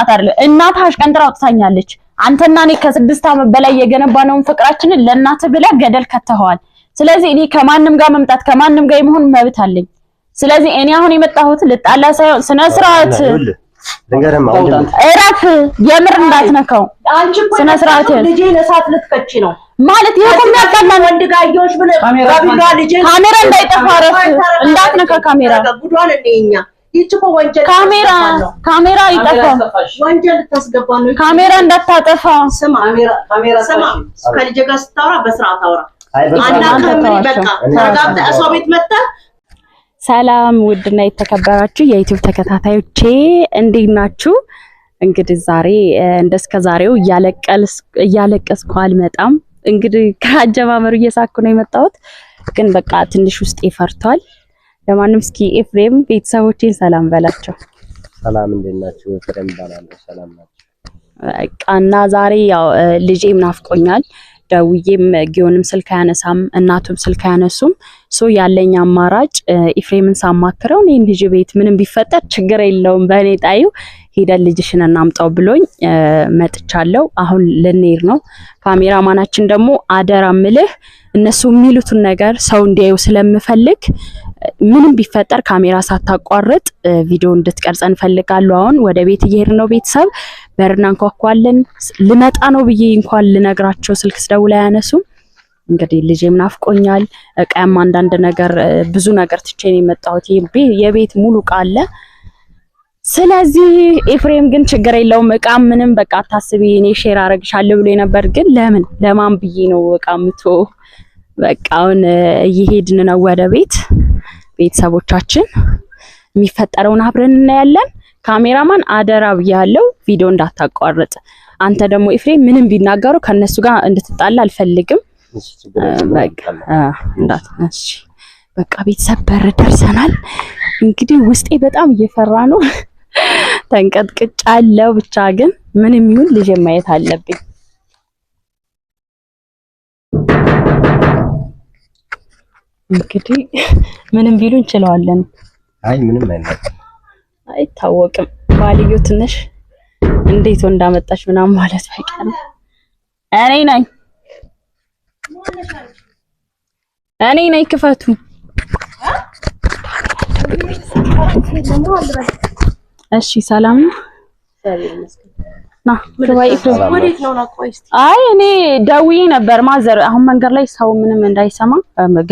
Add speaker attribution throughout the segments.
Speaker 1: አት አይደለ እናት አሽቀንጥራ አውጥታኛለች። አንተና እኔ ከስድስት አመት በላይ የገነባነውን ፍቅራችንን ለእናት ብለ ገደል ከተኸዋል። ስለዚህ እኔ ከማንም ጋር መምጣት ከማንም ጋር የመሆን መብት አለኝ። ስለዚህ እኔ አሁን የመጣሁት ልጣላ ሳይሆን ስነ ስርዓት እረፍ። የምር እንዳትነካው
Speaker 2: ስነ ስርዓት ልጄ ለሳት ልትከቺ ነው
Speaker 1: ማለት ይሄ እኮ የሚያጣላ
Speaker 2: ወንድ ጋዮች ብለ
Speaker 3: ካሜራ
Speaker 1: እንዳይጠፋ እረፍ። እንዳትነካ ካሜራ
Speaker 2: ጉዷን እንደኛ
Speaker 1: ካሜራ ካሜራ አይጠፋም።
Speaker 2: ወንጀል ታስገባ ነው።
Speaker 1: ካሜራ እንዳታጠፋ።
Speaker 2: ስማ ስማ፣ ከልጄ ጋር ስታወራ በስርዓት አውራ። አናውቅም። በቃ ተረጋግተህ እሰው ቤት መተህ ሰላም ውድና የተከበራችሁ የዩቲዩብ ተከታታዮቼ እንዴት ናችሁ? እንግዲህ ዛሬ እንደስከ ዛሬው እያለቀስኩ አልመጣም። እንግዲህ ከአጀማመሩ እየሳኩ ነው የመጣሁት፣ ግን በቃ ትንሽ ውስጤ ፈርቷል። ለማንም እስኪ ኤፍሬም ቤተሰቦቼን ሰላም በላቸው። ሰላም እንዴት ናችሁ? ኤፍሬም ባላለሁ። ሰላም ናችሁ? በቃ እና ዛሬ ያው ልጄም ናፍቆኛል። ደውዬም ጊዮንም ስልክ አያነሳም፣ እናቱም ስልክ አያነሱም። ሶ ያለኝ አማራጭ ኢፍሬምን ሳማክረው እኔም ልጅ ቤት ምንም ቢፈጠር ችግር የለውም በእኔ ጣዩ ሄደን ልጅሽን እናምጣው ብሎኝ መጥቻለሁ። አሁን ልንሄድ ነው። ካሜራማናችን ደግሞ አደራ ምልህ እነሱ የሚሉትን ነገር ሰው እንዲያዩ ስለምፈልግ ምንም ቢፈጠር ካሜራ ሳታቋርጥ ቪዲዮ እንድትቀርጸ እንፈልጋለሁ። አሁን ወደ ቤት እየሄድ ነው። ቤተሰብ በርና እንኳኳለን። ልመጣ ነው ብዬ እንኳን ልነግራቸው ስልክ ስደውል አያነሱም። እንግዲህ ልጄም ናፍቆኛል። እቃያም አንዳንድ ነገር ብዙ ነገር ትቼ ነው የመጣሁት። የቤት ሙሉ እቃ አለ። ስለዚህ ኤፍሬም ግን ችግር የለውም እቃ ምንም በቃ አታስቢ፣ እኔ ሼር አረግሻለሁ ብሎ ነበር። ግን ለምን ለማን ብዬ ነው እቃ ምቶ በቃ አሁን እየሄድን ነው ወደ ቤት ቤተሰቦቻችን የሚፈጠረውን አብረን እናያለን። ካሜራማን አደራ ብያለው፣ ቪዲዮ እንዳታቋርጥ። አንተ ደግሞ ኤፍሬም ምንም ቢናገሩ ከነሱ ጋር እንድትጣላ አልፈልግም። በቃ ቤተሰብ በር ደርሰናል። እንግዲህ ውስጤ በጣም እየፈራ ነው፣ ተንቀጥቅጫለው። አለው። ብቻ ግን ምንም ይሁን ልጅ ማየት አለብኝ። እንግዲህ ምንም ቢሉ እንችለዋለን። አይ ምንም አይነት አይታወቅም። ባልዮ ትንሽ እንዴት እንዳመጣች ምናምን ማለት አይቀርም። እኔ ነኝ እኔ ነኝ ክፈቱ። እሺ ሰላም ነው። አይ እኔ ደውዬ ነበር ማዘር። አሁን መንገድ ላይ ሰው ምንም እንዳይሰማ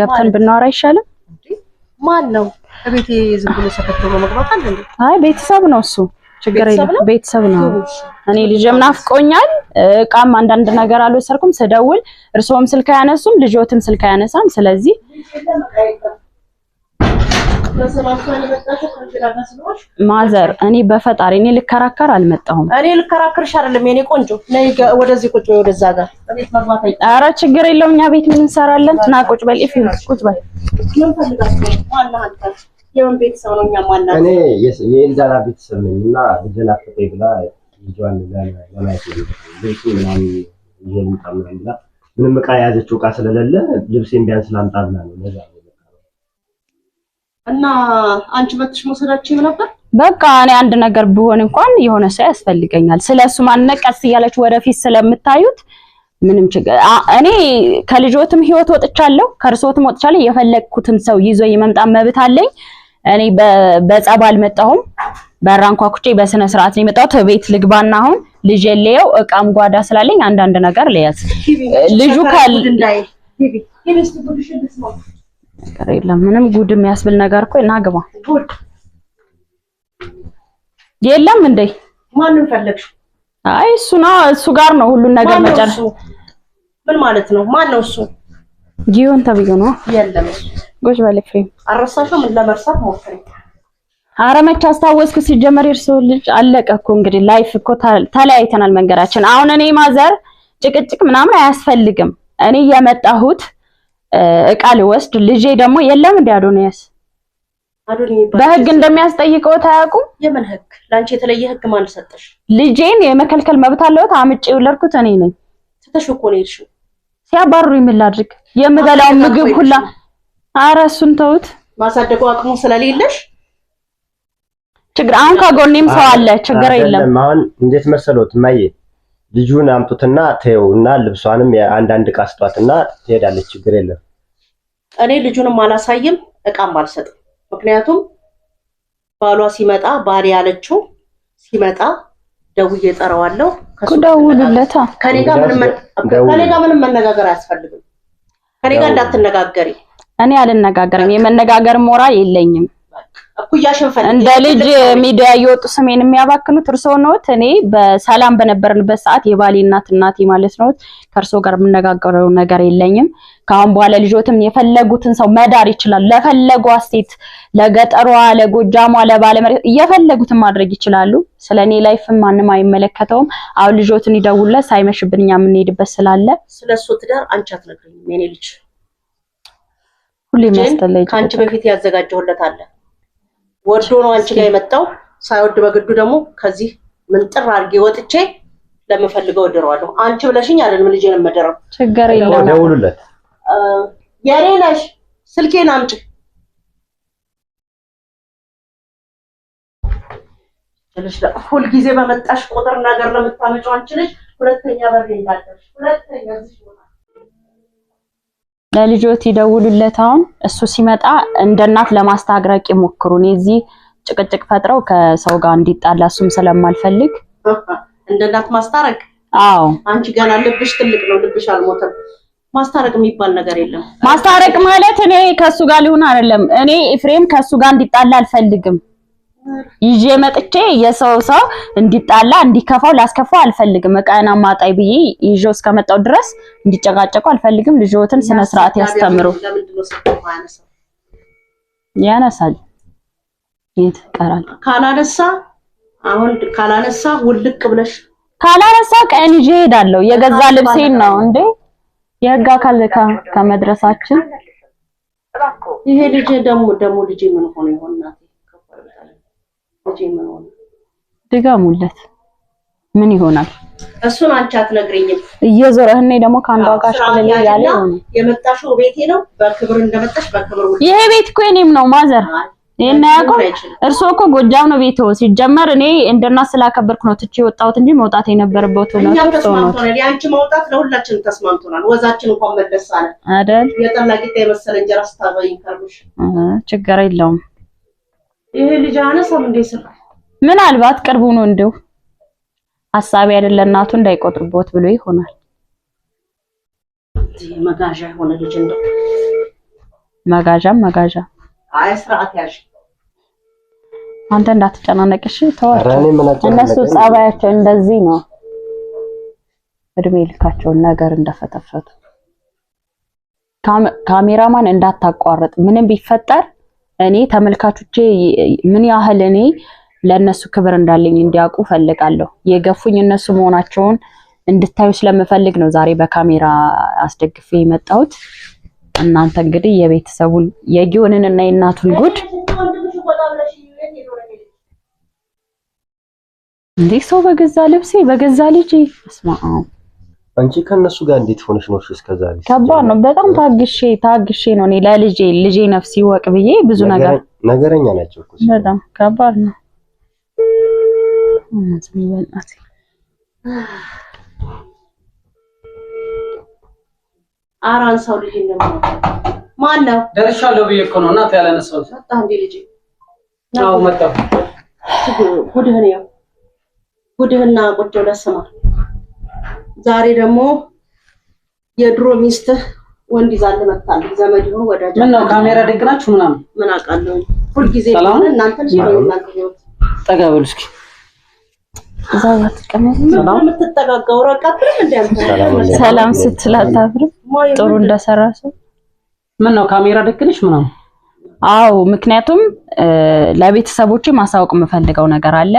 Speaker 2: ገብተን ብናወራ አይሻልም? ማን ነው ቤቴ ዝም ብሎ መግባት አለ እንዴ? አይ ቤተሰብ ነው እሱ ችግር የለም ቤተሰብ ነው። እኔ ልጅም ናፍቆኛል። እቃም አንዳንድ ነገር አልወሰድኩም ስደውል፣ እርስዎም ስልክ አያነሱም፣ ልጆትም ስልክ አያነሳም። ስለዚህ ማዘር እኔ በፈጣሪ እኔ ልከራከር አልመጣሁም። እኔ ልከራከርሽ አይደለም የኔ ቆንጆ፣ ነይ ወደዚህ ቁጭ ወይ ወደዛ ጋር። ኧረ ችግር የለውም እኛ ቤት ምን እንሰራለን? ና ቁጭ በል ኢፍ ቁጭ በል። እኔ የኤልዳና ቤተሰብ ነኝ እና ልጄን ብላ ምንም ዕቃ የያዘችው ዕቃ ስለሌለ ልብሴን ቢያንስ ላምጣ ብላ ነው ለዛ ነው እና አንቺ መጥሽ መውሰዳችሁም ነበር። በቃ እኔ አንድ ነገር ብሆን እንኳን የሆነ ሰው ያስፈልገኛል። ስለሱ ማንነት ቀስ እያለች ወደፊት ስለምታዩት ምንም ችግር እኔ ከልጆትም ህይወት ወጥቻለሁ፣ ከእርሶትም ወጥቻለሁ። የፈለግኩትን ሰው ይዞ የመምጣት መብት አለኝ። እኔ በጸብ አልመጣሁም። በራንኳኩቼ በስነ ስርዓት ነው የመጣሁት። ቤት ልግባና አሁን ልጅ የለየው እቃም ጓዳ ስላለኝ አንዳንድ ነገር ልያዝ ልጁ ነገር የለም። ምንም ጉድም ያስብል ነገር እኮ እና ግባ የለም እንዴ ማንን ፈለግሽ? አይ እሱ ነው እሱ ጋር ነው ሁሉን ነገር መጨረሻ። ምን ማለት ነው? ማን ነው እሱ? ጊዮን ተብዬ ነው። የለም እሱ ጎሽ ባለክ ፍሬም አረሳሽው። ምን ለመርሳት ሞክሪ። ኧረ መች አስታወስኩ። ሲጀመር የእርስዎ ልጅ አለቀ እኮ እንግዲህ ላይፍ እኮ ተለያይተናል መንገዳችን። አሁን እኔ ማዘር ጭቅጭቅ ምናምን አያስፈልግም። እኔ የመጣሁት እቃ ልወስድ ልጄ ደግሞ የለም እንዴ አዶኒያስ በህግ እንደሚያስጠይቀው ታያውቁም። የምን ህግ? ለአንቺ የተለየ ህግ ማን ሰጠሽ? ልጄን የመከልከል መብት አለሁት። አምጬ የወለድኩት እኔ ነኝ። ትተሽ እኮ ነው የሄድሽው። ሲያባሩ ምን ላድርግ? የምበላው ምግብ ሁላ ኧረ እሱን ተውት። ማሳደጉ አቅሙ ስለሌለሽ ችግር አሁን ከጎኔም ሰው አለ። ችግር የለም። አሁን እንዴት መሰሎት ማየ ልጁን አምጡትና ተው እና ልብሷንም አንዳንድ እቃ ስጧትና ትሄዳለች። ችግር የለም። እኔ ልጁንም አላሳይም እቃም አልሰጥም። ምክንያቱም ባሏ ሲመጣ ባል ያለችው ሲመጣ ደውዬ እጠራዋለሁ። ደውልለታ ከኔ ጋር ምንም መነጋገር አያስፈልግም። ከኔ ጋር እንዳትነጋገሪ። እኔ አልነጋገርም። የመነጋገር ሞራል የለኝም። እንደ ልጅ ሚዲያ እየወጡ ስሜን የሚያባክኑት እርስዎ ነዎት። እኔ በሰላም በነበርንበት ሰዓት የባሌ እናት እናቴ ማለት ነው። ከእርስዎ ጋር የምነጋገረው ነገር የለኝም። ከአሁን በኋላ ልጆትም የፈለጉትን ሰው መዳር ይችላል። ለፈለጉ አስቴት፣ ለገጠሯ፣ ለጎጃሟ፣ ለባለመሬት እየፈለጉትን ማድረግ ይችላሉ። ስለ እኔ ላይፍም ማንም አይመለከተውም። አሁን ልጆትን ይደውልለት ሳይመሽብን እኛ የምንሄድበት ስላለ ስለ ትዳር አንቺ አትነግረኝም። የኔ ልጅ ሁሌ የሚያስጠላ ከአንቺ በፊት ያዘጋጀሁለት አለ ወዶ ነው አንቺ ጋር የመጣው። ሳይወድ በግዱ ደግሞ ከዚህ ምንጥር አድርጌ ወጥቼ ለምፈልገው እድረዋለሁ። አንቺ ብለሽኝ አይደለም ልጄ ነው የምደረው። ችግር የለም ደውሉለት። የኔ ነሽ ስልኬን አምጪ። ሁልጊዜ በመጣሽ ቁጥር ነገር ለምታመጪው አንቺ ነሽ። ሁለተኛ በር እንዳለሽ ሁለተኛ ለልጆት ይደውሉለት። አሁን እሱ ሲመጣ እንደ እናት ለማስታረቅ ይሞክሩ። እኔ እዚህ ጭቅጭቅ ፈጥረው ከሰው ጋር እንዲጣላ እሱም ስለማልፈልግ እንደ እናት ማስታረቅ። አዎ አንቺ ገና ልብሽ ትልቅ ነው፣ ልብሽ አልሞተም። ማስታረቅ የሚባል ነገር የለም። ማስታረቅ ማለት እኔ ከሱ ጋር ሊሆን አይደለም። እኔ ኤፍሬም ከሱ ጋር እንዲጣላ አልፈልግም። ይዤ መጥቼ የሰው ሰው እንዲጣላ እንዲከፋው ላስከፋው አልፈልግም። እቃዬን አማጣይ ብዬ ይዤው እስከመጣው ድረስ እንዲጨቃጨቁ አልፈልግም። ልጆትን ስነ ስርዓት ያስተምሩ። ያነሳል የት ቀራል? ካላነሳ አሁን ካላነሳ ውልቅ ብለሽ ካላነሳ ቀን ይዤ እሄዳለሁ። የገዛ ልብሴን ነው እንዴ የህግ አካል ከመድረሳችን ይሄ ልጅ ደግሞ ደግሞ ልጅ ምን ሆኖ ይሆናል? ድጋሙለት ምን ይሆናል? እሱን አንቺ አትነግሪኝም። እየዞረህ እኔ ደግሞ ከአንዷ ጋር ሽለል ያለ ነው የመጣሽው ቤቴ ነው። በክብር እንደመጣሽ በክብር ይሄ ቤት እኮ የኔም ነው ማዘር ይሄን ያቆ እርስዎ እኮ ጎጃም ነው ቤቶ። ሲጀመር እኔ እንደና ስላከበርኩ ነው ትቼ ወጣሁት እንጂ መውጣት የነበረበት ነው። ነው ያንቺ መውጣት ለሁላችንም ተስማምቶናል። ወዛችን እንኳን መለስ አለ አይደል? የጠላ የመሰለ እንጀራ ስታበይኝ ከርሙሽ ችግር የለውም። ይሄ ልጅ አነሳም እንደ ይስራል። ምናልባት ቅርቡ ነው እንደው ሀሳቢ አይደለ እናቱ እንዳይቆጥርቦት ብሎ ይሆናል። መጋዣ የሆነ ልጅ እንደው መጋዣም መጋዣ አይ ስርዓት ያዥ አንተ እንዳትጨናነቅሽ ተዋቸው። እነሱ ጸባያቸው እንደዚህ ነው። እድሜ ልካቸውን ነገር እንደፈተፈቱ ካሜራማን እንዳታቋርጥ ምንም ቢፈጠር እኔ ተመልካቾቼ ምን ያህል እኔ ለእነሱ ክብር እንዳለኝ እንዲያውቁ ፈልጋለሁ። የገፉኝ እነሱ መሆናቸውን እንድታዩ ስለምፈልግ ነው ዛሬ በካሜራ አስደግፌ የመጣሁት። እናንተ እንግዲህ የቤተሰቡን የጊዮንን እና የእናቱን ጉድ እንዴ! ሰው በገዛ ልብሴ በገዛ ልጅ ስማ አንቺ ከነሱ ጋር እንዴት ሆነሽ ነው? እስከዛሬ ከባድ ነው በጣም ታግሼ ታግሼ ነው እኔ ለልጄ ልጄ ነፍስ ይወቅ ብዬ ብዙ ነገር ነገረኛ ናቸው እኮ በጣም ከባድ ነው። አራን ሰው ልጅ እንደማ ማን ነው? ደርሻለሁ ብዬሽ እኮ ነው እናት ያላነሳው መጣ እንዴ ልጅ ነው መጣ ጉድህን ያው ጉድህና ቁጭ ብለህ ስማ ዛሬ ደግሞ የድሮ ሚስት ወንድ ይዛል መጣል ዘመድ ይሁን ወዳጅ ምን ነው ካሜራ ደግናችሁ ምናምን ምን አውቃለሁ። ሁልጊዜ እናንተ ጠጋበሉ እስኪ የምትጠጋጋው ሰላም ስትል አታፍርም። ጥሩ እንደሰራ ሰው ምን ነው ካሜራ ደግነሽ ምናምን። አዎ ምክንያቱም ለቤተሰቦቼ ማሳወቅ የምፈልገው ነገር አለ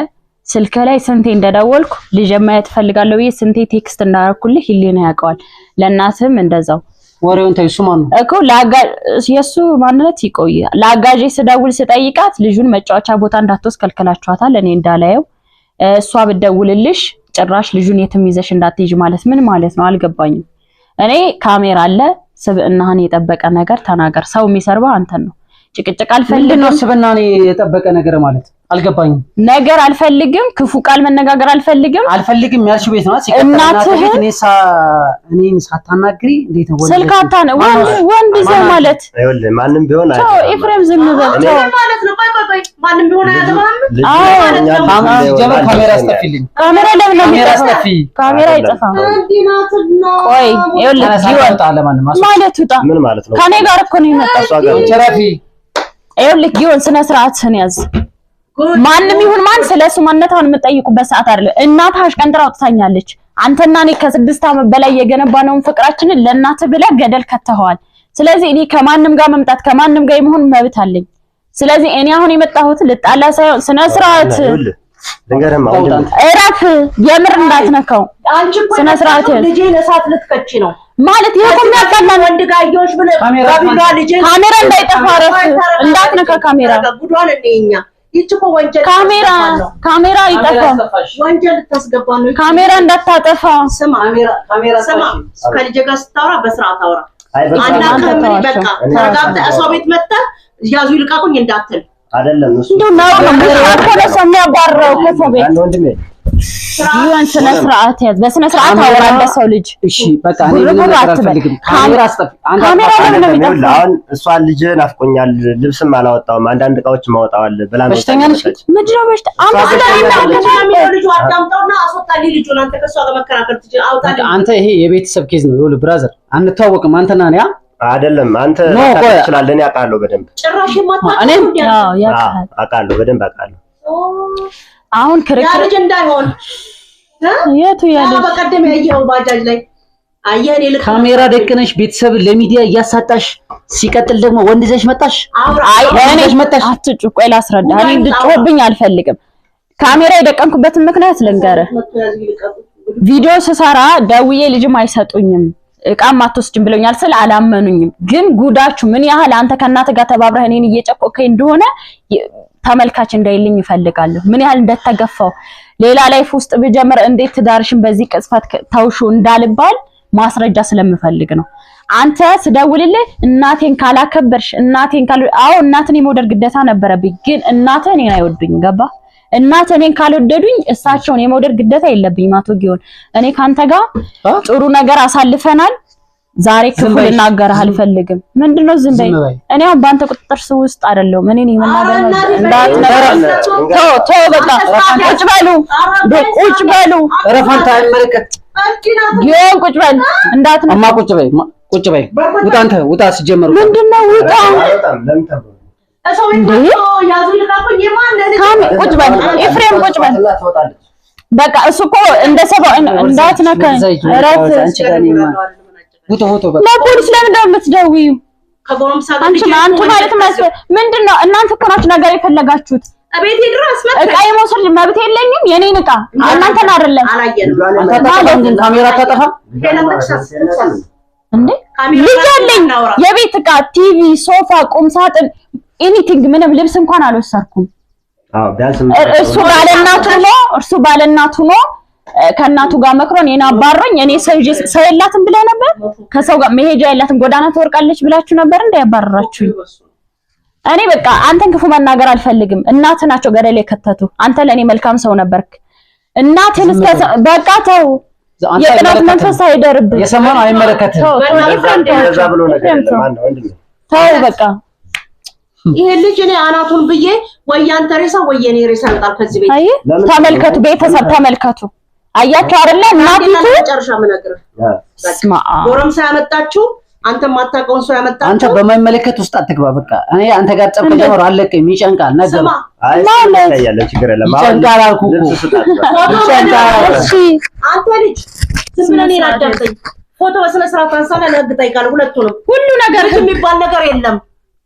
Speaker 2: ስልክ ላይ ስንቴ እንደደወልኩ ልጅ ማየት ፈልጋለሁ ብዬ ስንቴ ቴክስት እንዳደረኩልህ ህሊና ያውቀዋል። ለእናትህም እንደዛው ወሬውን ተይው። ማን ነው እኮ ለአጋዥ የእሱ ማንነት ይቆይ። ለአጋዤ ስደውል ስጠይቃት ልጁን መጫወቻ ቦታ እንዳትወስድ ከልክላችኋታል። እኔ እንዳላየው እሷ ብደውልልሽ ጭራሽ ልጁን የትም ይዘሽ እንዳትሄጂ ማለት ምን ማለት ነው? አልገባኝም። እኔ ካሜራ አለ፣ ስብዕናህን የጠበቀ ነገር ተናገር። ሰው የሚሰርባ አንተን ነው። ጭቅጭቅ አልፈልግም። ስብዕናህን የጠበቀ ነገር ማለት አልገባኝም። ነገር አልፈልግም፣ ክፉ ቃል መነጋገር አልፈልግም። አልፈልግም ያልሽ ቤት ነው እናትህ። እኔን ሳታናግሪ እንዴት ነው ስልክ አታነ ወንድ ይዘህ ማለት አይወል ማንም ቢሆን አይ፣ ኤፍሬም ዝም በል ማለት ነው። ቆይ ቆይ፣ ቢሆን ካሜራ ካሜራ ነው ካሜራ ቆይ ማለት ምን ማለት ነው? ከኔ ጋር እኮ ነው የመጣው። ይኸውልህ፣ ጊዮን ስነ ስርዓትህን ያዝ። ማንም ይሁን ማን ስለ እሱ ማንነቷን የምጠይቁበት ሰዓት አይደለም። እናት አሽቀንጥራ አውጥታኛለች። አንተና እኔ ከስድስት ዓመት በላይ የገነባነውን ፍቅራችንን ለእናት ብለህ ገደል ከተኸዋል። ስለዚህ እኔ ከማንም ጋር መምጣት ከማንም ጋር የመሆን መብት አለኝ። ስለዚህ እኔ አሁን የመጣሁት ልጣላ ሳይሆን ስነ ስርዓት እረፍ። የምር እንዳትነካው ስነ ስርዓት ልጄ ለሳት ልትከቺ ነው ማለት ይሄ እኮ የሚያቀላ ወንድ ጋዮሽ ብለህ ካሜራ እንዳይጠፋ እረፍ። እንዳትነካ ካሜራ ጉዷን ካሜራ ካሜራ አይጠፋም። ወንጀል ታስገባ ነው። ካሜራ እንዳታጠፋ። ስማ ስማ፣ ከልጄ ጋር ስታወራ በስርዓት አውራ። አናውቅህም። በቃ ተረጋግተህ እሰው ቤት መጥተህ ያዙ ይልቃቁኝ እንዳትል አይደለም። እሱ እንደው ነው ነው ነው ነው ነው ነው ነው ነው ነው ነው ይሁን ስነ ስርዓት ያዝ። በስነ ስርዓት አውራ እንደ ሰው ልጅ። እሺ በቃ እኔ ምንም ነገር አልፈልግም። ካሜራ አስጠፊ ካሜራ አሁን እሷን ልጅ ናፍቆኛል፣ ልብስም አላወጣውም፣ አንዳንድ እቃዎች ማወጣዋል ብላ ነው። ምንድን ነው በሽታ? አንተ ይሄ የቤተሰብ ኬዝ ነው። ይኸውልህ ብራዘር፣ አንተዋወቅም አንተና እኔ አይደለም አንተ ትችላለህ። እኔ አውቃለሁ በደንብ ጭራሽ ማታ እኔ አውቃለሁ በደንብ አውቃለሁ አሁን ክርክር እንዳይሆን የቱ ያለ በቀደም ያየው ባጃጅ ላይ ካሜራ ደቅነሽ ቤተሰብ ለሚዲያ እያሳጣሽ፣ ሲቀጥል ደግሞ ወንድ ይዘሽ መጣሽ። አይ እኔ መጣሽ አትጩ። ቆይ ላስረዳ። እኔ እንድትጮህብኝ አልፈልግም። ካሜራ የደቀንኩበትን ምክንያት ልንገርህ። ቪዲዮ ስሰራ ደውዬ ልጅም አይሰጡኝም እቃም አትወስጅም ብለውኛል ስል አላመኑኝም። ግን ጉዳችሁ ምን ያህል አንተ ከእናትህ ጋር ተባብረህ እኔን እየጨቆከኝ እንደሆነ ተመልካች እንዳይልኝ ይፈልጋለሁ። ምን ያህል እንደተገፋው ሌላ ላይፍ ውስጥ ብጀምር እንዴት ትዳርሽን በዚህ ቅጽፈት ተውሹ እንዳልባል ማስረጃ ስለምፈልግ ነው። አንተ ስደውልልህ እናቴን ካላከበርሽ እናቴን ካል አዎ እናትን የመውደድ ግዴታ ነበረብኝ። ግን እናትህ እኔን አይወዱኝ ገባ እናት እኔን ካልወደዱኝ እሳቸውን የመውደድ ግደታ የለብኝም። አቶ ጊዮን እኔ ካንተ ጋር ጥሩ ነገር አሳልፈናል። ዛሬ ክፉ ልናገርህ አልፈልግም። ምንድነው ዝም በይ። እኔ አሁን በአንተ ቁጥጥር ስር ውስጥ አይደለሁም። እኔ ነው መናገር በቃ ቁጭ በሉ፣ ቁጭ በሉ። ረፋንታ አይመለከት ጊዮን ቁጭ በል እንዳትነካ። እማ ቁጭ በይ፣ ቁጭ በይ። ውጣ፣ አንተ ውጣ። ሲጀመር ምንድነው ውጣ ኤፍሬም ቁጭ በል በቃ። እሱ እኮ እንደ ሰባው እንዳትነካኝ። ለፖሊስ ለምን እንደምትደውይው አንቺ ማለት ምንድን ነው? እናንተ እኮ ናችሁ ነገር የፈለጋችሁት። እቃ የመውሰድ መብት የለኝም። የኔን እቃ እናንተን አይደለም ካሜራ ታጠፋ እንዴ? ልጅ አለኝ የቤት እቃ ቲቪ፣ ሶፋ፣ ቁም ሳጥን ኤኒቲንግ ምንም ልብስ እንኳን አልወሰርኩም። እርሱ ባለናቱ ነው እርሱ ባለናቱ ነው ከእናቱ ጋር መክሮን እኔን አባሮኝ። እኔ ሰው የላትም ብለ ነበር፣ ከሰው ጋር መሄጃ የላትም ጎዳና ትወርቃለች ብላችሁ ነበር እንዳያባረራችሁኝ። እኔ በቃ አንተን ክፉ መናገር አልፈልግም። እናት ናቸው ገደል የከተቱ። አንተ ለእኔ መልካም ሰው ነበርክ። እናትን እስከ በቃ ተው፣ የቅናት መንፈስ አይደርብ። የሰማነው አይመለከትህም። ተው በቃ ይሄ ልጅ እኔ አናቱን ብዬ ወይ ያንተ ሬሳ ወይ የኔ ሬሳ ይወጣል ከዚህ ቤት። ተመልከቱ፣ ቤተሰብ ተመልከቱ። አያችሁ አይደለ? እናቲቱ ጨርሻ ምነግርህ ጎረምሳ ያመጣችሁ አንተ ማታቀውን ሰው ያመጣ አንተ በማይመለከት ውስጥ አትግባ። በቃ እኔ አንተ ጋር ጸብ ጀመር አለቀኝ። ይጨንቃል ነገር ይጨንቃል አልኩህ እኮ ይጨንቃል። እሺ አንተ ልጅ ዝም ብለህ እኔን አዳምጠኝ። ፎቶ በስነ ስርዓት አንሳና ነግጠይቃል። ሁለቱንም ሁሉ ነገር የሚባል ነገር የለም